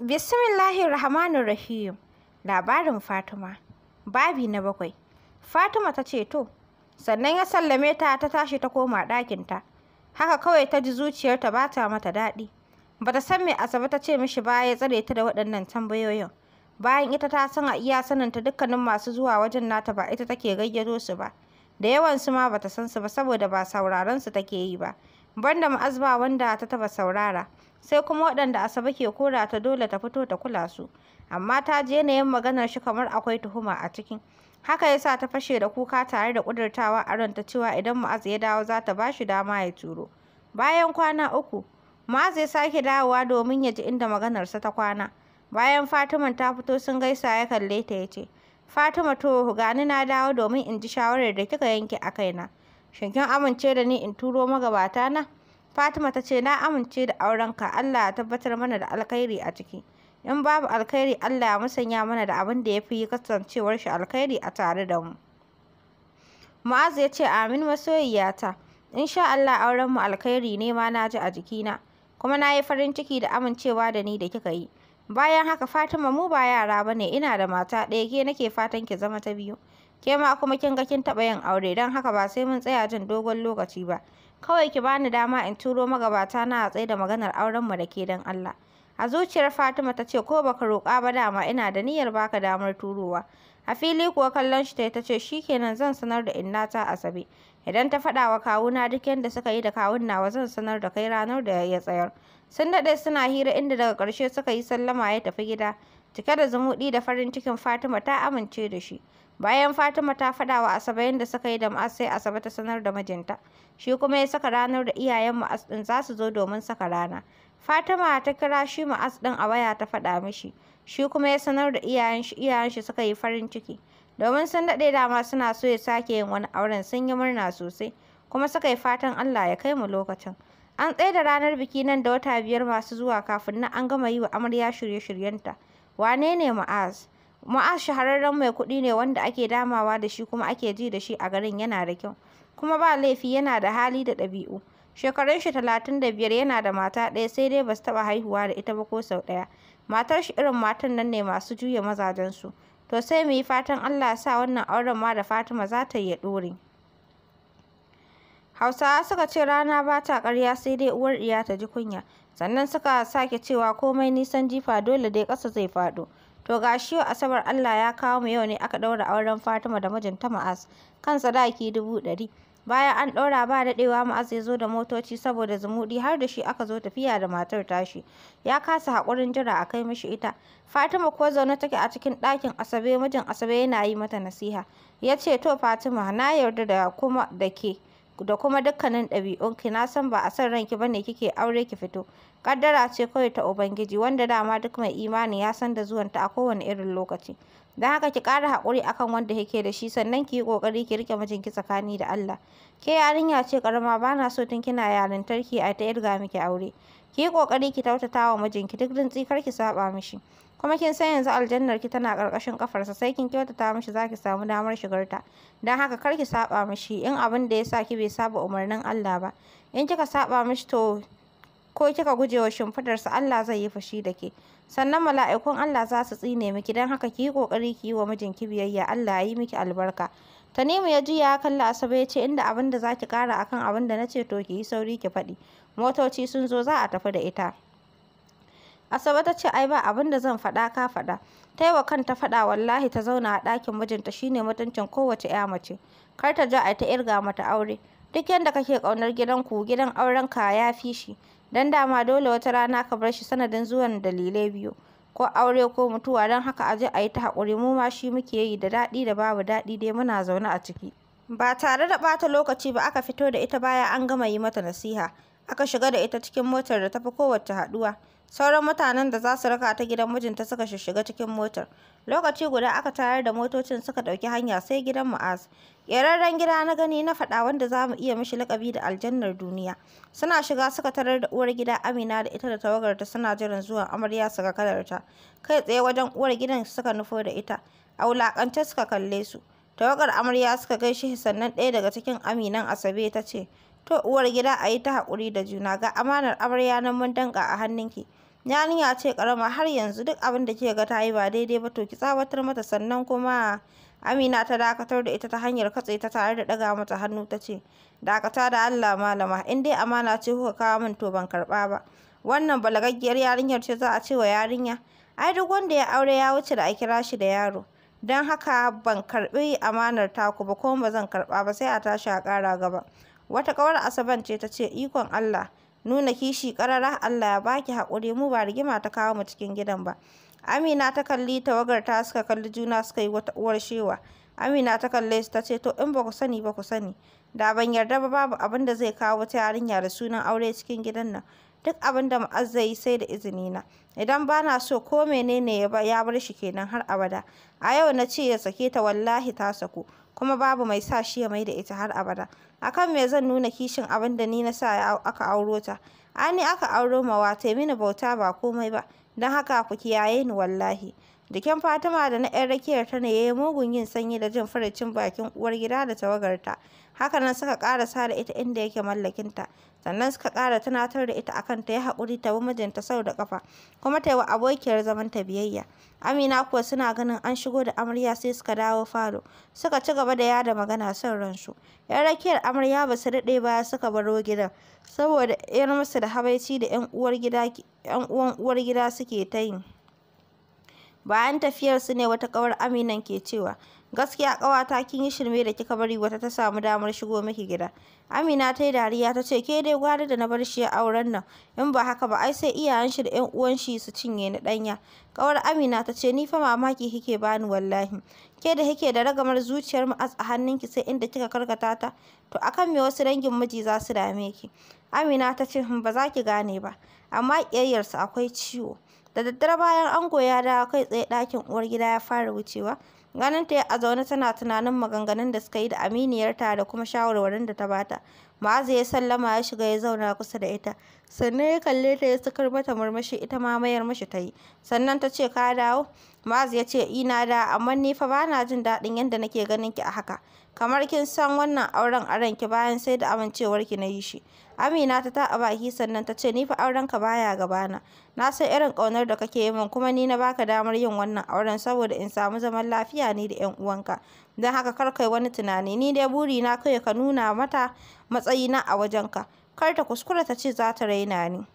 Bismillahir Rahmanir Rahim. Labarin Fatima. Babi na bakwai. Fatima ta ce to, sannan ya sallame ta ta tashi ta koma ɗakinta. Haka kawai ta ji zuciyarta ba ta mata daɗi. Ba ta san me Asabe ta ce mishi ba ya tsare ta da waɗannan tambayoyin. Bayan ita ta san a iya saninta dukkanin masu zuwa wajen nata ba ita take gayyato su ba. Da yawansu ma ba ta san su ba saboda ba sauraron su take yi ba. Banda ma'azba wanda ta taba saurara. sai kuma waɗanda Asabe ke kora ta dole ta fito ta kula su. Amma ta ji yanayin maganar shi kamar akwai tuhuma a cikin Haka ya sa ta fashe da kuka tare da ƙudurtawa a ranta cewa idan Ma'az ya dawo za ta ba shi dama ya turo. Bayan kwana uku, Ma'az ya sake dawowa domin ya ji inda maganarsa ta kwana. Bayan Fatima ta fito sun gaisa ya kalle ta ya ce, Fatima to gani na dawo domin in ji shawarar da kika yanke a kaina. Shin kin amince da ni in turo magabata na? Fatima ta ce, Na amince da aurenka, Allah ya tabbatar mana da alkhairi a ciki. In babu alkhairi, Allah ya musanya mana da abin da ya fi kasancewar shi alkhairi a tare da mu. Mu'az ya ce, Amin masoyiyata, in sha Allah aurenmu alkhairi ne ma na ji a jikina, kuma na yi farin ciki da amincewa da ni da kika yi. Bayan haka Fatima mu ba yara ba ne, ina da mata ɗaya ke nake fatan ki zama ta biyu. Ke ma kuma kin ga kin taɓa yin aure, don haka ba sai mun tsaya jin dogon lokaci ba. kawai ki bani dama in turo magabata na a tsaye da maganar auren mu da ke dan Allah a zuciyar Fatima ta ce ko baka roƙa ba dama ina da niyyar baka damar turowa a fili kuwa kallon shi ta ce kenan zan sanar da inna ta Asabe idan ta faɗa wa kawuna duk yanda suka yi da kawun nawa zan sanar da kai ranar da ya tsayar sun daɗe suna hira inda daga ƙarshe suka yi sallama ya tafi gida cike da zumuɗi da farin cikin Fatima ta amince da shi Bayan Fatima ta faɗa wa Asabe yadda suka yi da Ma'as sai Asabe ta sanar da mijinta. Shi kuma ya saka ranar da iyayen Ma'as ɗin za su zo domin saka rana. Fatima ta kira shi Ma'as ɗin a waya ta faɗa mishi. Shi kuma ya sanar da iyayen shi iyayen shi suka yi farin ciki. Domin sun daɗe dama suna so ya sake yin wani auren sun yi murna sosai. Kuma suka yi fatan Allah ya kai mu lokacin. An tsaye da ranar biki nan da wata biyar masu zuwa kafin na an gama yi wa amarya shirye-shiryenta. Wane ne Ma'az? Mu'az shahararren mai kuɗi ne wanda ake damawa da shi kuma ake ji da shi a garin yana da kyau. Kuma ba laifi yana da hali da ɗabi'u. Shekarun shi talatin da biyar yana da mata ɗaya sai dai ba su taɓa haihuwa da ita ba ko sau ɗaya. Matar shi irin matan nan ne masu juya mazajensu. To sai mu yi fatan Allah sa wannan auren ma da Fatima za ta yi ya ɗore. Hausawa suka ce rana ba ta ƙarya sai dai uwar iya ta ji kunya. Sannan suka sake cewa komai nisan jifa dole dai ƙasa zai faɗo. To ga shi yau Asabar Allah ya kawo mu yau ne aka ɗaura auren Fatima da mijinta Ma'az kan sadaki dubu ɗari. Bayan an ɗaura ba daɗewa Ma'az ya zo da motoci saboda zumuɗi har da shi aka zo tafiya da matar tashi. Ya kasa haƙurin jira a kai mishi ita. Fatima ko zaune take a cikin ɗakin Asabe mijin Asabe yana yi mata nasiha. Ya ce to Fatima na yarda da kuma da ke. da kuma dukkanin ɗabi'unki na san ba a san ranki bane kike aure ki fito Kaddara ce kawai ta Ubangiji wanda dama duk mai imani ya san da zuwanta a kowane irin lokaci. Don haka ki ƙara haƙuri akan wanda yake da shi sannan ki yi ƙoƙari ki riƙe mijinki tsakani da Allah. Ke yarinya ce ƙarama ba na so tun kina yarintarki a ta irga miki aure. Ki yi ƙoƙari ki tautata wa mijinki duk rintsi kar ki saɓa mishi. Kuma kin san yanzu aljannar ki tana ƙarƙashin ƙafarsa sai kin kyautata mishi zaki samu damar shigar ta Don haka kar ki saɓa mishi in abin da ya sa ki bai saba umarnin Allah ba. In kika saɓa mishi to ko kika guje wa su Allah zai yi fushi da ke sannan mala'ikun Allah za su tsine miki don haka ki yi kokari ki yi wa mijinki biyayya Allah ya yi miki albarka Tanimu ya juya ya kalla Asabe ya ce inda abin da za ki kara akan abin da na ce to ki yi sauri ki faɗi motoci sun zo za a tafi da ita Asabe ta ce ai ba abin da zan faɗa ka faɗa ta yi wa kanta faɗa wallahi ta zauna a ɗakin mijinta shine mutuncin kowace 'ya mace kar ta ja a ta irga mata aure duk yadda kake ƙaunar ku gidan auren ka ya fi shi don dama dole wata rana ka bar shi sanadin zuwan dalilai biyu ko aure ko mutuwa don haka a je a yi ta haƙuri mu ma shi muke yi da daɗi da babu daɗi dai muna zaune a ciki ba tare da ɓata lokaci ba aka fito da ita baya an gama yi mata nasiha aka shiga da ita cikin motar da ta fi kowace haɗuwa Sauran mutanen da za su raka ta gidan mijinta suka shishiga cikin motar. Lokaci guda aka tayar da motocin suka ɗauki hanya sai gidan Mu'az. Ƙerarren gida na gani na faɗa wanda za mu iya mishi lakabi da aljannar duniya. Suna shiga suka tarar da uwar gida Amina da ita da tawagarta suna jiran zuwa amarya su ga kalarta. Kai tsaye wajen uwar gidan suka nufo da ita. A wulaƙance suka kalle su. Tawagar amarya suka gaishe sannan ɗaya daga cikin aminan Asabe ta ce, To uwar gida a yi ta haƙuri da juna ga amanar amarya nan mun danƙa a hannunki. yarinya ce karama har yanzu duk abin da kika ga ta yi ba daidai ba to ki tsawatar mata sannan kuma Amina ta dakatar da ita ta hanyar katse ta tare da daga mata hannu ta ce dakata da Allah malama in dai amana ce kuka kawo min to ban karba ba wannan balagaggiyar yarinyar ce za a ce wa yarinya ai duk wanda ya aure ya wuce da a kira shi da yaro don haka ban karbi amanar taku ba kuma ba zan karba ba sai a tashi a kara gaba wata kawar asaban ce ta ce ikon Allah nuna kishi ƙarara Allah ya baki haƙuri mu ba rigima ta kawo mu cikin gidan ba Amina ta kalli tawagar ta suka kalli juna suka yi wata uwar shewa Amina ta kalle su ta ce to in ba ku sani ba ku sani da ban yarda ba babu abin da zai kawo wata yarinya da sunan aure cikin gidan nan duk abin da Mu'az yi sai da izini na idan bana so ko menene ya bar shi kenan har abada a yau na ce ya sake ta wallahi ta saku kuma babu mai sa shi ya mai da ita har abada akan me zan nuna kishin abin da ni na sa aka auro ta ani aka auro mawa ta mini bauta ba komai ba don haka ku kiyaye ni wallahi Jikin Fatima da na 'yan rakiyar ta ne ya yi mugun yin sanyi da jin farcin bakin uwar gida da tawagarta. Hakanan suka sa da ita inda yake mallakinta. Sannan suka ƙara tunatar da ita akan ta yi haƙuri ta bi mijinta sau da ƙafa, kuma ta yi wa abokiyar zamanta biyayya. Amina kuwa suna ganin an shigo da amarya sai suka dawo falo. Suka ci gaba da yada magana son ransu. 'Yan rakiyar amarya ba su daɗe baya suka baro gidan, saboda 'yar musu da habaici da 'yan uwan uwar gida suke ta yi. Bayan tafiyar su ne wata kawar Aminan ke cewa, "Gaskiya kawata kin yi shirme da kika bari wata ta samu damar shigo miki gida." Amina ta yi dariya ta ce, "Ke dai gwari da na bar shi a auren nan, in ba haka ba ai sai iyayen shi da 'yan uwan shi su cinye ni ɗanya." Kawar Amina ta ce, "Ni fa mamaki kike bani wallahi. Ke da kike da ragamar zuciyar mu a hannunki sai inda kika karkata ta, to akan me wasu dangin miji za su dame ki?" Amina ta ce, hmm, "Ba za ki gane ba, amma kiyayyarsa akwai ciwo." Da daddare bayan ango ya dawo kai tsaye ɗakin uwar gida ya fara wucewa. Ganin ta a zaune tana tunanin maganganun da suka yi da aminiyarta da kuma shawarwarin da ta bata. Ma'azu ya sallama ya shiga ya zauna kusa da ita. Sannan ya kalle ta ya sukar mata murmushi ita ma mayar mashi ta yi. Sannan ta ce ka dawo? Ma'azu ya ce ina da amma ni fa bana jin daɗin yadda nake ganin ki a haka. Kamar kin san wannan auren a ki bayan sai da amincewar ki na yi shi. Amina ta taɓa baki sannan ta ce ni fa auren ka baya gabana. Na san irin kaunar da kake yi min kuma ni na baka damar yin wannan auren saboda in samu zaman lafiya ni da 'yan uwanka. Don haka kar kai wani tunani ni dai burina kai ka nuna mata matsayina a wajenka kar ta kuskura ta ce za ta raina ni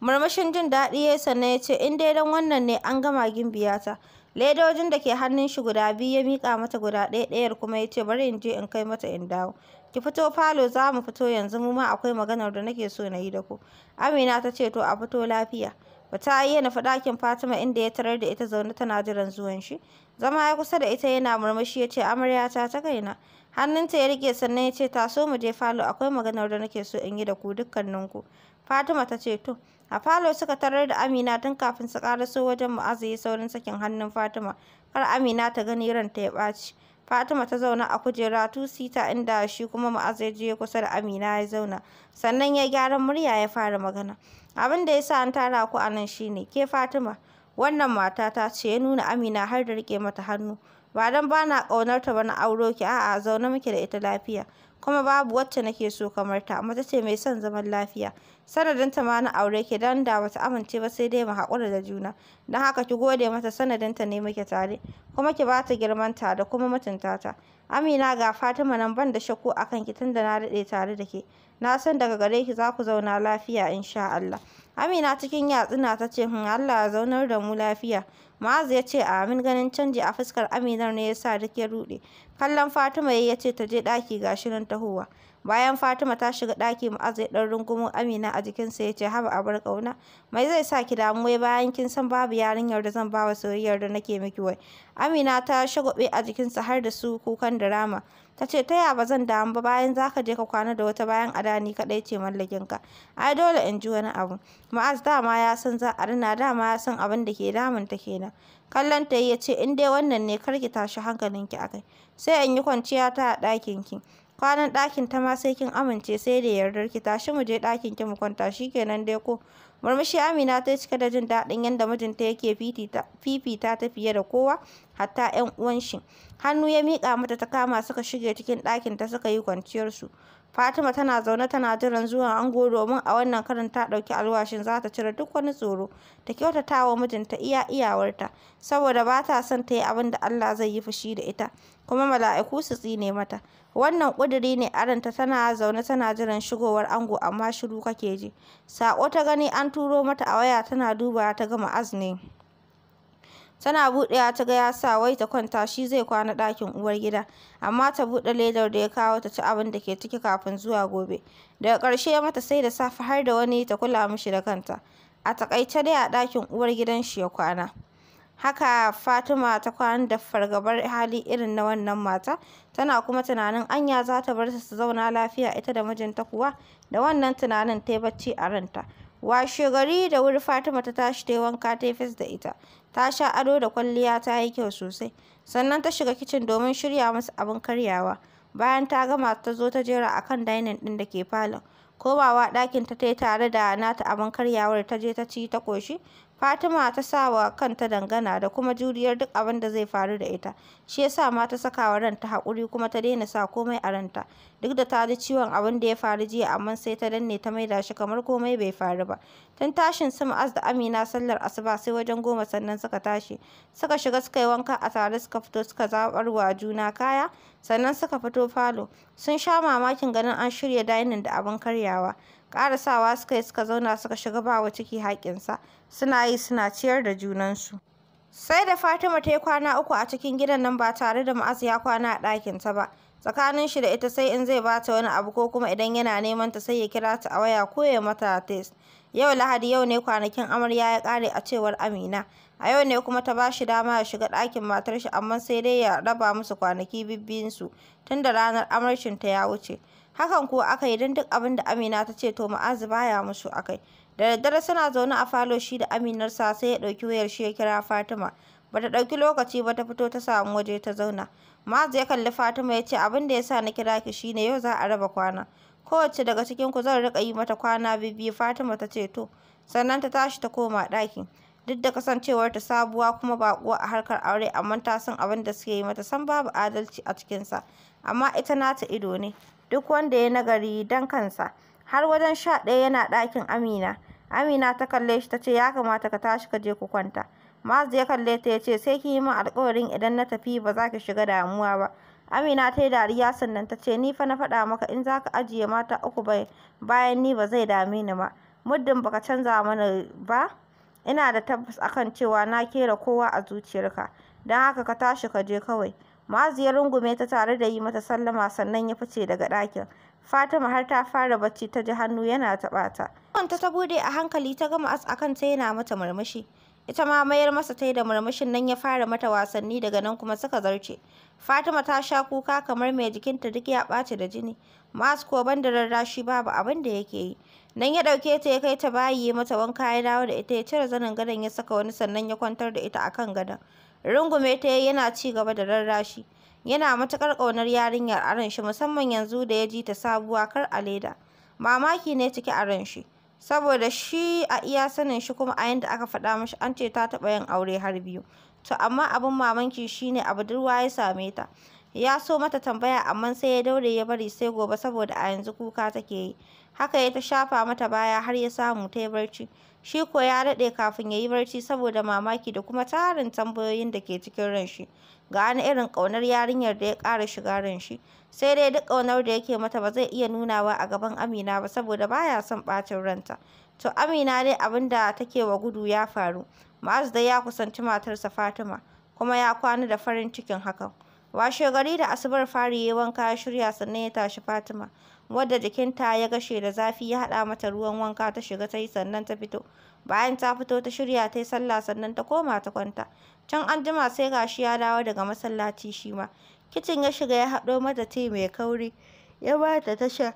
murmushin jin daɗi ya sannan ya ce in dai don wannan ne an gama gimbiyata ledojin da ke hannun shi guda biyu ya miƙa mata guda ɗaya ɗayar kuma ya ce bari in je in kai mata in dawo ki fito falo za mu fito yanzu mu ma akwai maganar da nake so na yi da ku amina ta ce to a fito lafiya Bata iya nufi ɗakin Fatima inda ya tarar da ita zaune tana jiran zuwan shi. Zama ya kusa da ita yana murmushi ya ce, Amaryata ta kaina, hannunta ya rike sannan ya ce taso mu je falo akwai maganar da nake so in yi da ku dukkaninku fatima ta ce to a falo suka tarar da amina tun kafin su karaso wajen mu'azu ya saurin sakin hannun fatima kar amina ta gani ranta ya ɓaci Fatima ta zauna a kujera tu sita inda shi kuma Mu'azz ya je kusa da Amina ya zauna. Sannan ya gyara murya ya fara magana. Abin da ya sa an tara ku a nan shine, ke Fatima, wannan mata ta ce ya nuna Amina har da rike mata hannu. ba don ba na ƙaunar ta ba na auro ki a'a zaune muke da ita lafiya kuma babu wacce nake so kamar ta mace ce mai son zaman lafiya Sanadin ta ma na aure ke dan da bata amince ba sai dai mu haƙura da juna don haka ki gode mata sanadin ta ne muke tare kuma ki ba bata girmanta da kuma mutunta ta Amina ga Fatima nan ban da shakku akan ki tunda na daɗe tare da ke na san daga gare ki za ku zauna lafiya insha Allah Amina cikin yatsuna ta ce hun hmm, Allah ya zaunar da mu lafiya Ma'az ya ce amin ganin canji a fuskar Amina ne yasa duk ya ruɗe kallon Fatima ya ce ta je daki gashi nan tahowa Bayan Fatima ta shiga ɗaki Mu'az ya ɗan rungumo Amina a jikinsa ya ce haba abar ƙauna. Mai zai sa ki damu wai bayan kin san babu yarinyar da zan bawa soyayyar da nake miki wai. Amina ta shagobe a jikinsa har da su kukan drama. Ta ce ta ya ba zan damu ba bayan za ka je ka kwana da wata bayan adani kaɗai ce mallakinka. Ai dole in ji wani abu. Ma'az dama ya san za a rina dama ya san abin da ke damun ta kenan. Kallon ta ya ce in dai wannan ne kar ki tashi hankalinki akai. Sai in yi kwanciya ta a ki." kwanan ɗakin ta ma sai kin amince sai da yardar ki tashi mu je ɗakin ki mu kwanta shikenan dai ko murmushi Amina ta cika da jin daɗin yadda mijinta yake fifita ta fiye da kowa hatta 'yan uwan shi hannu ya miƙa mata ta kama suka shige cikin ɗakin ta suka yi kwanciyar su Fatima tana zaune tana jiran zuwan ango domin a wannan karin ta ɗauki alwashin za ta cire duk wani tsoro ta kyautata wa mijinta iya iyawarta saboda ba ta son ta yi abin da Allah zai yi fushi da ita kuma mala'iku su tsine mata Wannan ƙudiri ne aranta tana zaune tana jiran shigowar ango amma shiru kake ji. Saƙo ta gani an turo mata a waya tana duba ta gama azne. Tana buɗewa ta ga ya sa wai ta kwanta shi zai kwana ɗakin uwar gida. Amma ta buɗe ledar da ya kawo ta ci abin da ke ciki kafin zuwa gobe. Daga ƙarshe mata sai da safe har da wani ta kula mishi da kanta. A taƙaice dai a ɗakin uwar gidan shi ya kwana. Haka Fatima ta kwana da fargabar hali irin na wannan mata, tana kuma tunanin anya za ta bar ta su zauna lafiya ita da mijinta kuwa, da wannan tunanin ta yi bacci a ranta. washe gari da wuri Fatima ta tashi ta yi wanka ta yi fes da ita, ta sha ado da kwalliya ta yi kyau sosai, sannan ta shiga kicin domin shirya musu abin karyawa. Bayan ta gama ta zo ta jera a kan dainin ɗin da ke falon. Komawa ɗakinta ta yi tare da nata abin karyawar ta je ta ci ta ƙoshi, Fatima ta sa wa kanta dangana da kuma juriyar duk abin da zai faru da ita, shi ya sa ma ta saka ranta hakuri kuma ta daina sa komai a ranta, duk da ta ji ciwon abin da ya faru jiya amma sai ta danne ta maida shi kamar komai bai faru ba. Tun tashin sum az da Amina sallar asuba sai wajen goma sannan suka tashi, suka shiga suka yi wanka a tare suka fito suka zaɓar wa juna kaya, sannan suka fito falo, sun sha mamakin ganin an shirya dainin da abin karyawa. ƙarasawa suka yi suka zauna suka shiga ba wa ciki haƙƙinsa suna yi suna ciyar da junansu sai da fatima ta yi kwana uku a cikin gidan nan ba tare da ma'az ya kwana a ɗakinta ba tsakanin shi da ita sai in zai bata wani abu ko kuma idan yana neman ta sai ya kira ta a waya ko ya mata tes yau lahadi yau ne kwanakin amarya ya kare a cewar amina a yau ne kuma ta ba shi dama ya shiga ɗakin matar shi amma sai dai ya raba musu kwanaki bibbinsu, tun da ranar amarcinta ya wuce hakan kuwa aka yi don duk abin da Amina ta ce to Ma'azu baya musu akai da daddare suna zaune a falo shi da sa sai ya ɗauki wayar shi ya kira Fatima bata ɗauki lokaci ba ta fito ta samu waje ta zauna Ma'azu ya kalli Fatima ya ce abin da ya sa na kira ki shine yau za a raba kwana kowace daga cikin ku zan rika yi mata kwana biyu Fatima ta ce to sannan ta tashi ta koma dakin duk da kasancewar ta sabuwa kuma baƙuwa a harkar aure amma ta san abin da suke yi mata san babu adalci a cikinsa amma ita nata ido ne duk wanda ya nagari don kansa. Har wajen sha ɗaya yana ɗakin Amina. Amina ta kalle shi ta ce ya kamata ka tashi ka je ku kwanta. Maz ya kalle ta ya ce sai ki yi min alƙawarin idan na tafi ba za ki shiga damuwa ba. Amina ta yi dariya sannan ta ce ni fa na faɗa maka in za ka ajiye mata uku bayan ni ba zai dame ni ba. Muddin baka canza mana ba ina da tabbas akan cewa na kera kowa a zuciyarka. Don haka ka tashi ka je kawai. Ma'azu ya rungume ta tare da yi mata sallama sannan ya fice daga ɗakin. Fatima har ta fara bacci ta ji hannu yana taɓa ta. Kanta ta bude a hankali ta gama as akan ta yana mata murmushi. Ita ma mayar masa ta da murmushin nan ya fara mata wasanni daga nan kuma suka zarce. Fatima ta sha kuka kamar mai jikinta duk ya ɓaci da jini. Mas ko ban da rarrashi babu abin da yake yi. Nan ya ɗauke ta ya kai ta bayi ya mata wanka ya dawo da ita ya cire zanin gadon ya saka wani sannan ya kwantar da ita akan gadon. rungume ta yi yana ci gaba da rarrashi yana matuƙar ƙaunar yarinyar aran shi musamman yanzu da ya ji ta sabuwa kar a leda mamaki ne cike a ran shi saboda shi a iya sanin shi kuma a yadda aka faɗa mashi an ce ta taɓa yin aure har biyu to amma abin mamanki shine a budurwa ya same ta ya so mata tambaya amma sai ya daure ya bari sai gobe saboda a yanzu kuka take yi haka ya ta shafa mata baya har ya samu ta yi barci Shi ko ya daɗe kafin ya yi barci saboda mamaki da kuma tarin tambayoyin da ke cikin ranshi. Ga wani irin ƙaunar yarinyar da ya ƙara shiga ranshi. Sai dai duk ƙaunar da yake mata ba zai iya nunawa a gaban Amina ba saboda baya son ɓacin ranta. To Amina dai abin da take wa gudu ya faru. Ma'az dai ya kusanci matarsa Fatima, kuma ya kwana da farin cikin hakan. Washe gari da asubar fari yayi wanka ya shirya sannan ya tashi Fatima. wadda jikinta ya gashe da zafi ya haɗa mata ruwan wanka ta shiga ta yi sannan ta fito bayan ta fito ta shirya ta yi sallah sannan ta koma ta kwanta can an jima sai gashi ya dawo daga masallaci shi ma kicin ya shiga ya haɗo mata tea mai kauri ya ba ta ta sha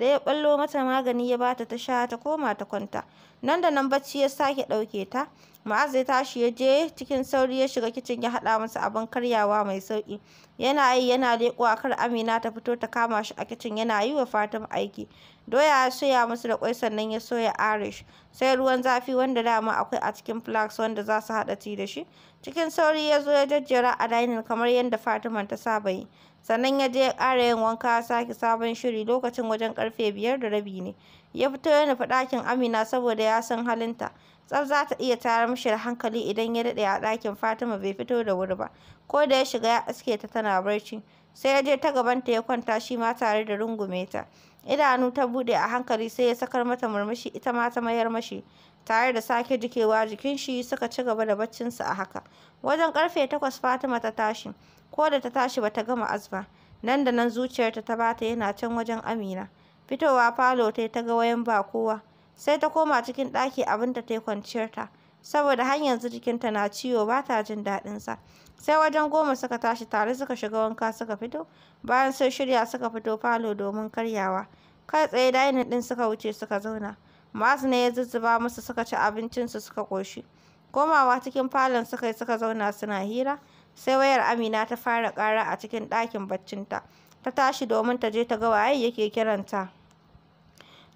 ya ɓallo mata magani ya ba ta ta sha ta koma ta kwanta nan da nan bacci ya sake ɗauke ta Ma'az ya tashi ya je cikin sauri ya shiga kicin ya haɗa masa abin karyawa mai sauƙi. Yana yi yana leƙowa kar Amina ta fito ta kama shi a kicin yana yi wa Fatima aiki. Doya ya soya musu da ƙwai sannan ya soya Irish. Sai ruwan zafi wanda dama akwai a cikin flax wanda za su haɗa ti da shi. Cikin sauri ya zo ya jajjera a dining kamar yadda Fatima ta saba yi. sannan ya je ya ƙara yin wanka ya sake sabon shiri lokacin wajen ƙarfe biyar da rabi ne ya fito ya nufi ɗakin Amina saboda ya san halinta tsaf za ta iya tayar mashi da hankali idan ya daɗe a ɗakin Fatima bai fito da wuri ba ko da ya shiga ya aske ta tana barci sai ya je ta gabanta ya kwanta shi ma tare da rungume ta idanu ta buɗe a hankali sai ya sakar mata murmushi ita ma ta mayar mashi tare da sake jikewa jikin shi suka ci gaba da baccinsu a haka wajen ƙarfe takwas Fatima ta tashi ko da ta tashi bata gama azba nan da nan zuciyarta ta bata yana can wajen Amina fitowa falo tai ta ga wayan ba kowa sai ta koma cikin ɗaki abinda tai kwanciyarta saboda har yanzu jikinta na ciwo bata jin daɗin sa sai wajen goma suka tashi tare suka shiga wanka suka fito bayan sun shirya suka fito falo domin karyawa kai tsaye dainin ɗin suka wuce suka zauna Masu ne ya zuzzuba musu suka ci abincinsu suka ƙoshi komawa cikin falon suka yi suka zauna suna hira sai wayar Amina ta fara ƙara a cikin ɗakin baccinta. Ta tashi domin ta je ta ga waye yake kiranta.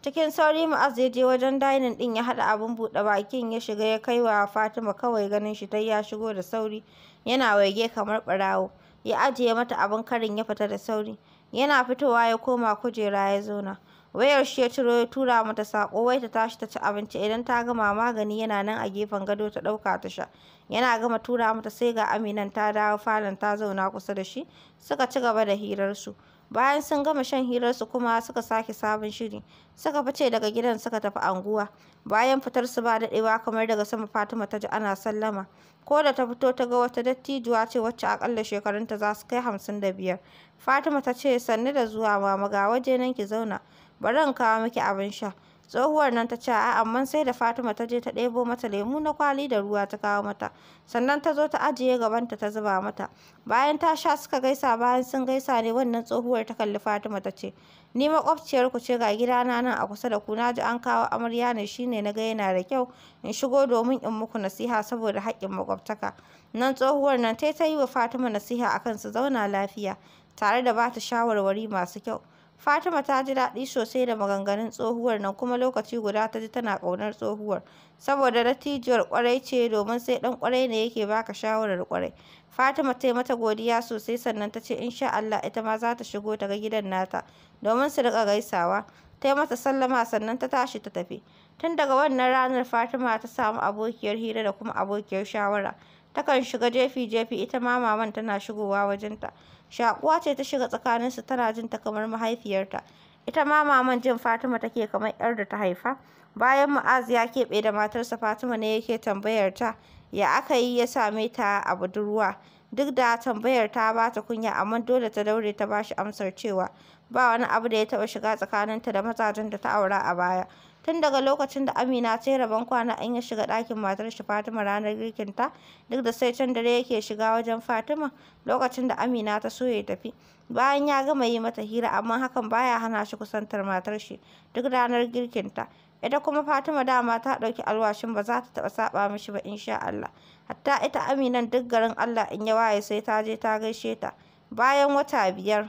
Cikin sauri Mu'az ya je wajen dainin ɗin ya haɗa abin buɗe bakin ya shiga ya kai wa Fatima kawai ganin shi tai ya shigo da sauri yana waige kamar ɓarawo. Ya ajiye mata abin karin ya fita da sauri. Yana fitowa ya koma kujera ya zauna. wayar shi ya ciro ya tura mata sako wai ta tashi ta ci abinci idan ta gama magani yana nan a gefen gado ta ɗauka ta sha yana gama tura mata sai ga aminan ta dawo falon ta zauna kusa da shi suka ci gaba da hirarsu bayan sun gama shan hirarsu kuma suka sake sabon shiri suka fice daga gidan suka tafi anguwa bayan fitar su ba daɗewa kamar daga sama fatima ta ji ana sallama ko da ta fito ta ga wata dattijuwa ce wacce akalla shekarunta za su kai hamsin da biyar fatima ta ce sannu da zuwa mama ga waje nan ki zauna bari in kawo miki abin sha. Tsohuwar nan ta ce a amma sai da Fatima ta je ta ɗebo mata lemu na kwali da ruwa ta kawo mata. Sannan ta zo ta ajiye gabanta ta zuba mata. Bayan ta sha suka gaisa bayan sun gaisa ne wannan tsohuwar ta kalli Fatima ta ce ni makwabciyar ce ga gidana nan a kusa da ku na ji an kawo amarya ne shine na ga yana da kyau in shigo domin in muku nasiha saboda haƙƙin makwabtaka. Nan tsohuwar nan tai ta yi wa Fatima nasiha akan su zauna lafiya tare da ba ta shawarwari masu kyau. Fatima ta ji daɗi sosai da maganganun tsohuwar nan kuma lokaci guda ta ji tana ƙaunar tsohuwar, saboda dattijuwar ƙwarai ce domin sai ɗan ƙwarai ne yake baka shawarar ƙwarai. Fatima ta yi mata godiya sosai sannan ta ce insha Allah ita ma za ta shigo ta gidan nata domin su riƙa gaisawa. Ta yi mata sallama sannan ta tashi ta tafi. Tun daga wannan ranar Fatima ta samu abokiyar hira da kuma abokiyar shawara. Takan shiga jefi-jefi ita ma maman tana shigowa wajenta. shakuwa ce ta shiga tsakaninsu tana jin ta kamar mahaifiyarta ita ma maman jin fatima take kamar yar da ta haifa bayan ma'az ya keɓe da matarsa fatima ne yake tambayar ta ya aka yi ya same ta a budurwa duk da tambayar ta ba ta kunya amma dole ta daure ta ba shi amsar cewa ba wani abu da ya taɓa shiga tsakaninta da mazajen da ta aura a baya Tun daga lokacin da Amina ta yi rabon kwana an ya shiga ɗakin matar Fatima ranar girkinta, duk da sai can dare yake shiga wajen Fatima lokacin da Amina ta so ya tafi. Bayan ya gama yi mata hira amma hakan baya hana shi kusantar matar shi duk ranar girkinta. Ita kuma Fatima dama ta ɗauki alwashin ba za ta taɓa saɓa mishi ba insha Allah. Hatta ita Aminan duk garin Allah in ya waye sai ta je ta gaishe ta. Bayan wata biyar.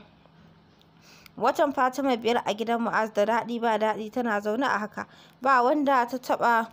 watan Fatima biyar a gidan Mu'az da daɗi ba daɗi tana zaune a haka ba wanda ta taɓa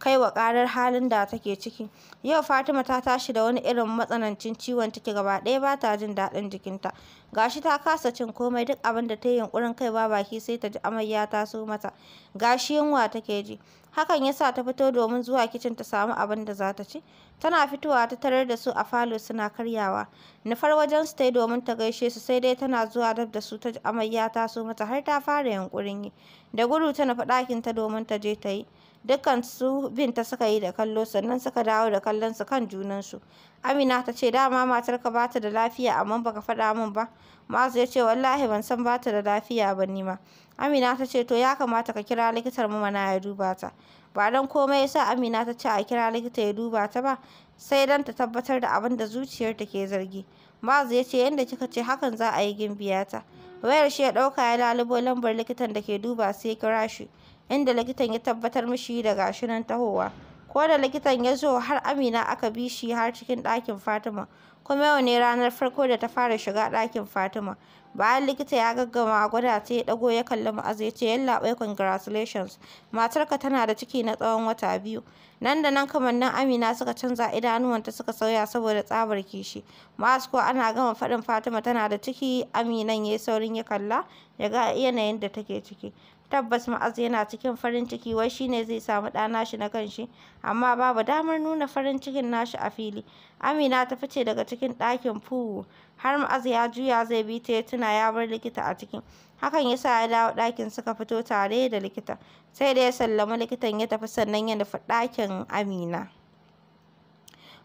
kai wa karar halin da take ciki. Yau Fatima ta tashi da wani irin matsanancin ciwon ciki gaba ɗaya ba ta jin daɗin jikinta. Gashi ta kasa cin komai duk abin da ta yi yunƙurin ba baki sai ta ji amai ya taso mata. Gashi yunwa take ji. Hakan yasa ta fito domin zuwa kicin ta samu abin da za ta ci. Tana fitowa ta tarar da su a falo suna karyawa. Nufar wajen su ta yi domin ta gaishe su sai dai tana zuwa dab da su ta ji amai ya taso mata har ta fara yunƙurin yi. Da gudu ta nufi ɗakin ta domin ta je ta yi. bin ta suka yi da kallo sannan suka dawo da kallon su kan junan su Amina ta ce dama matarka ba ta da lafiya amma baka faɗa min ba. Ma'azu ya ce wallahi ban san ba da lafiya ba ni ma. Amina ta ce to ya kamata ka kira likitar mu mana ya duba ta. Ba dan komai yasa Amina ta ce a kira likita ya duba ta ba sai dan ta tabbatar da abin da zuciyarta ke zargi. Ma'azu ya ce yanda kika ce hakan za a yi gimbiya ta. wayar shi ya ɗauka ya lalubo lambar likitan da ke duba su ya kira shi inda likitan ya tabbatar mishi da gashi nan tahowa ko da likitan ya zo har amina aka bi shi har cikin ɗakin fatima kuma yau ne ranar farko da ta fara shiga ɗakin fatima bayan likita ya gaggama a gwada ta ya dago ya kalli mu ya ce yallaɓai congratulations matarka tana da ciki na tsawon wata biyu nan da nan kamar nan amina suka canza idanuwanta suka sauya saboda tsabar kishi Masu ko ana gama faɗin fatima tana da ciki aminan ya saurin ya kalla ya ga yanayin da take ciki tabbas ma'az yana cikin farin ciki wai shine zai samu ɗa nashi na kanshi amma babu damar nuna farin cikin nashi a fili amina ta fice daga cikin ɗakin fuhu har ma'az ya juya zai bi ta ya tuna ya bar likita a cikin hakan ya sa ya dawo ɗakin suka fito tare da likita sai da ya sallama likitan ya tafi sannan ya nufi ɗakin amina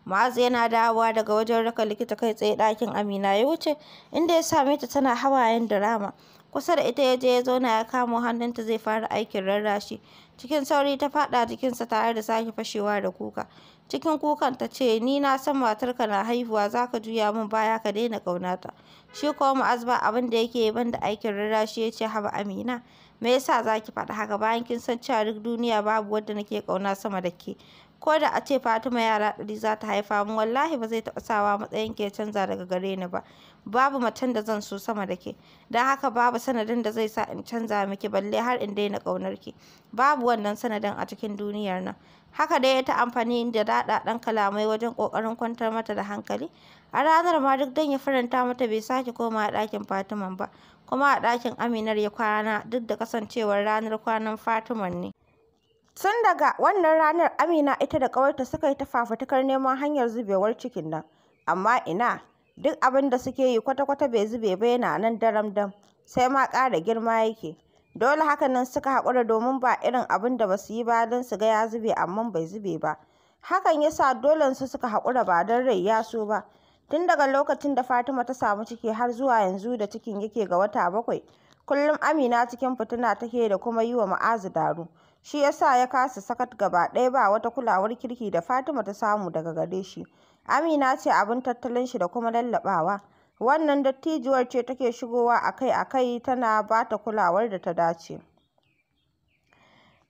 Ma'aza yana dawowa daga wajen raka likita kai tsaye ɗakin Amina ya wuce, inda ya same ta tana hawayen dirama. Kusa da ita ya je ya zauna ya kamo hannunta zai fara aikin rarrashi. Cikin sauri ta faɗa jikinsa tare da sake fashewa da kuka. cikin kukan ta ce ni na san matarka na haihuwa za ka juya min baya ka daina ƙaunata shi kuma mu'az ba abin da yake ban da aikin rira shi ya ce haba amina me yasa za ki faɗi haka bayan kin san cewa duk duniya babu wadda nake ƙauna sama da ke ko da a ce fatima yara ɗari za ta haifa min wallahi ba zai taɓa sawa matsayin ke canza daga gare ni ba babu macen da zan so sama da ke don haka babu sanadin da zai sa in canza miki balle har in daina ƙaunar ki babu wannan sanadin a cikin duniyar nan Haka dai ya ta amfani da ɗan kalamai wajen ƙoƙarin kwantar mata da hankali. A ranar ma duk don ya faranta mata bai sake koma ɗakin Fatiman ba, kuma a ɗakin Aminar ya kwana duk da kasancewar ranar kwanan Fatiman ne. Tun daga wannan ranar Amina ita da ƙawarta suka yi ta fafutukar neman hanyar zubewar cikin nan, amma ina duk abin da suke yi kwata-kwata bai zube ba yana nan daram-dam, sai ma ƙara girma yake. Dole haka nan suka haƙura domin ba irin abin da ba su yi ba don su ga ya zube amma bai zube ba. Hakan ya sa su suka haƙura ba don rai ya so ba. Tun daga lokacin da Fatima ta samu ciki har zuwa yanzu da cikin yake ga wata bakwai, kullum Amina cikin fitina take da kuma yi wa Ma'azu daru. Shi ya sa ya kasa sakat gaba ɗaya ba wata kulawar kirki da Fatima ta samu daga gare shi. Amina ce abin tattalin shi da kuma lallaɓawa. Wannan dattijuwar ce take shigowa akai-akai tana ba ta kulawar da ta dace.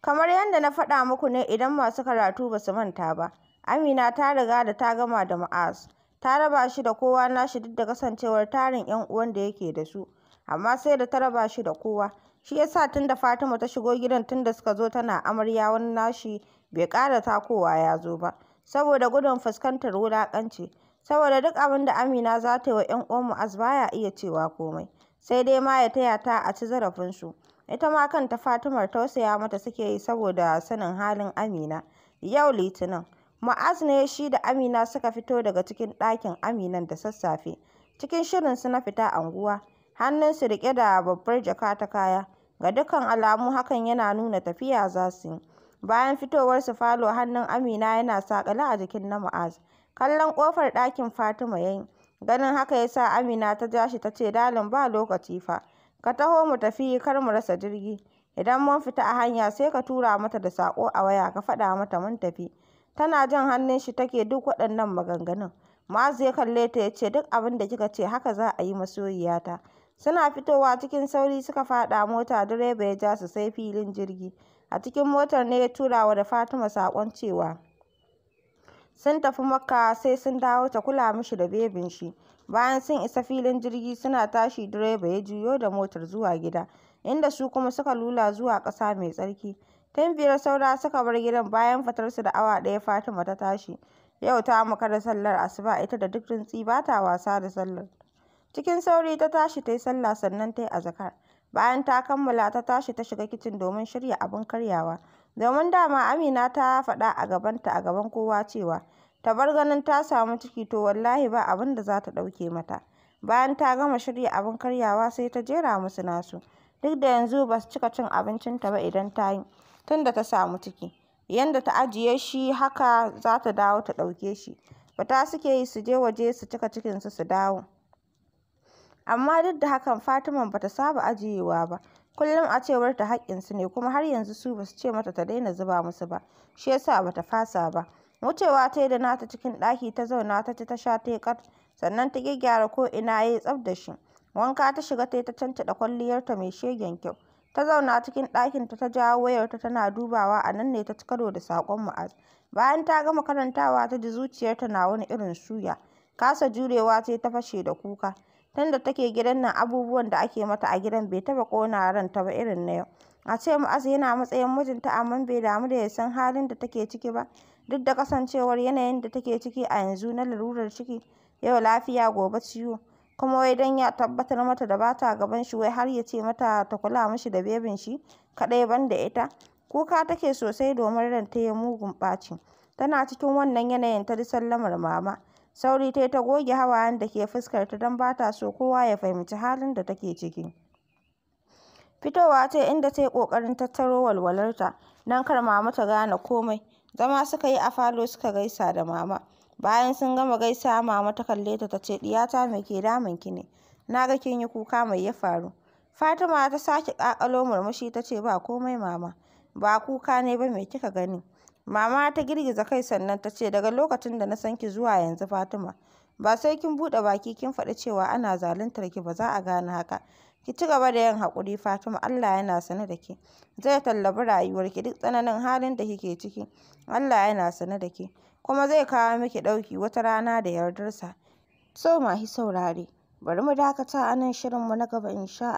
Kamar yadda na faɗa muku ne idan masu karatu ba su manta ba, Amina ta riga da ta gama da ma'az Ta raba shi da kowa nashi duk da kasancewar tarin 'yan uwan da yake da su, amma sai da ta raba shi da kowa. Shi yasa sa tun da Fatima ta shigo gidan tun da suka zo tana amarya wani nashi bai ƙara takowa ya zo ba, saboda gudun fuskantar wulaƙanci. saboda duk abin da Amina za ta yi wa 'yan uwan Mu'az ba ya iya cewa komai, sai dai ma ya taya ta a ci zarafinsu. Ita ma kanta Fatimar tausaya mata suke yi saboda sanin halin Amina. Yau Litinin, Mu'az ne shi da Amina suka fito daga cikin ɗakin Aminan da sassafe, cikin shirinsu na fita anguwa, hannunsu riƙe da babbar jaka ta kaya. Ga dukkan alamu hakan yana nuna tafiya za su yi. Bayan fitowarsu falo hannun Amina yana saƙale a jikin na Mu'az. Kallon ƙofar ɗakin Fatima ya yi, ganin haka ya sa Amina ta ja shi ta ce, Darling ba lokaci fa, ka taho mu tafi kar mu rasa jirgi. Idan mun fita a hanya sai ka tura mata da saƙo a waya ka faɗa mata mun tafi. Tana jan hannun shi take duk waɗannan maganganun. Ma'azu ya kalle ta ya ce, Duk abin da kika ce haka za a yi masoyiyata. Suna fitowa cikin sauri suka faɗa mota direba ya ja su sai filin jirgi. A cikin motar ne ya tura wa da Fatima saƙon cewa, Sun tafi Makka sai sun dawo ta kula mishi da bebin shi. Bayan sun isa filin jirgi suna tashi direba ya juyo da motar zuwa gida, inda su kuma suka lula zuwa ƙasa mai tsarki. Tun biyar saura suka bar gidan bayan su da awa ɗaya Fatima ta tashi. Yau ta da sallar asuba ita da duk rintsi ba ta wasa da sallar. Cikin sauri ta tashi ta yi sallah sannan ta yi azakar Bayan ta kammala ta tashi ta shiga kicin domin shirya abin karyawa. Domin dama Amina ta faɗa a gabanta a gaban kowa cewa ta bar ganin ta samu ciki to wallahi ba abin da za ta ɗauke mata. Bayan ta gama shirya abin karyawa sai ta jera musu nasu, duk da yanzu ba su cika cin abincinta ba idan ta yi, tunda ta samu ciki. Yanda ta ajiye shi haka za ta dawo ta ɗauke shi. Fita suke yi su je waje su cika cikinsu su dawo. Amma duk da hakan Fatima ba ta saba ajiyewa ba. kullum a cewar ta su ne kuma har yanzu su basu ce mata ta daina zuba musu ba shi yasa ta fasa ba wucewa ta yi da nata cikin ɗaki ta zauna ta ta sha ta yi sannan ta gyaggyara ko ina ya yi tsaf da shi wanka ta shiga ta yi ta cancaɗa kwalliyarta mai shegen kyau ta zauna cikin ɗakinta ta jawo wayarta tana dubawa a nan ne ta ci karo da saƙon mu'az bayan ta gama karantawa ta ji zuciyarta na wani irin suya kasa jurewa sai ta fashe da kuka Tun da take gidan nan abubuwan da ake mata a gidan bai taba kona ranta ba irin na yau. A ce Mu'azu yana matsayin mijinta amma bai damu da ya san halin da take ciki ba, duk da kasancewar yanayin da take ciki a yanzu na lalurar ciki, yau lafiya gobe ciwo. Kuma wai don ya tabbatar mata da bata gaban shi wai har ya ce mata ta kula mishi da bebin shi kadai ban da ita. Kuka take sosai domin ranta ya mugun ɓaci. Tana cikin wannan yanayin ta ji sallamar Mama. Sauri ta ta goge hawayen da ke fuskarta don ba ta so kowa ya fahimci halin da take ciki. Fitowa ta inda ta yi ƙoƙarin tattaro walwalarta don kar Mama ta gane komai. Zama suka yi a falo suka gaisa da Mama. Bayan sun gama gaisa Mama ta kalle ta ta ce, ɗiyata me ke damun ki ne? Na ga kin yi kuka, mai ya faru? Fatima ta sake ƙaƙalo murmushi ta ce, ba komai Mama. Ba kuka ne ba, me kika gani? Mama ta girgiza kai sannan ta ce, Daga lokacin da na san ki zuwa yanzu Fatima, ba sai kin buɗe baki kin faɗi cewa ana zaluntar ki ba za a gane haka. Ki ci gaba da yin haƙuri Fatima, Allah yana sane da ke. Zai tallabi rayuwarki duk tsananin halin da kike ciki. Allah yana sane da ke. Kuma zai kawo miki ɗauki wata rana da yardarsa. So hi saurare, bari mu dakata a nan shirinmu na gaba insha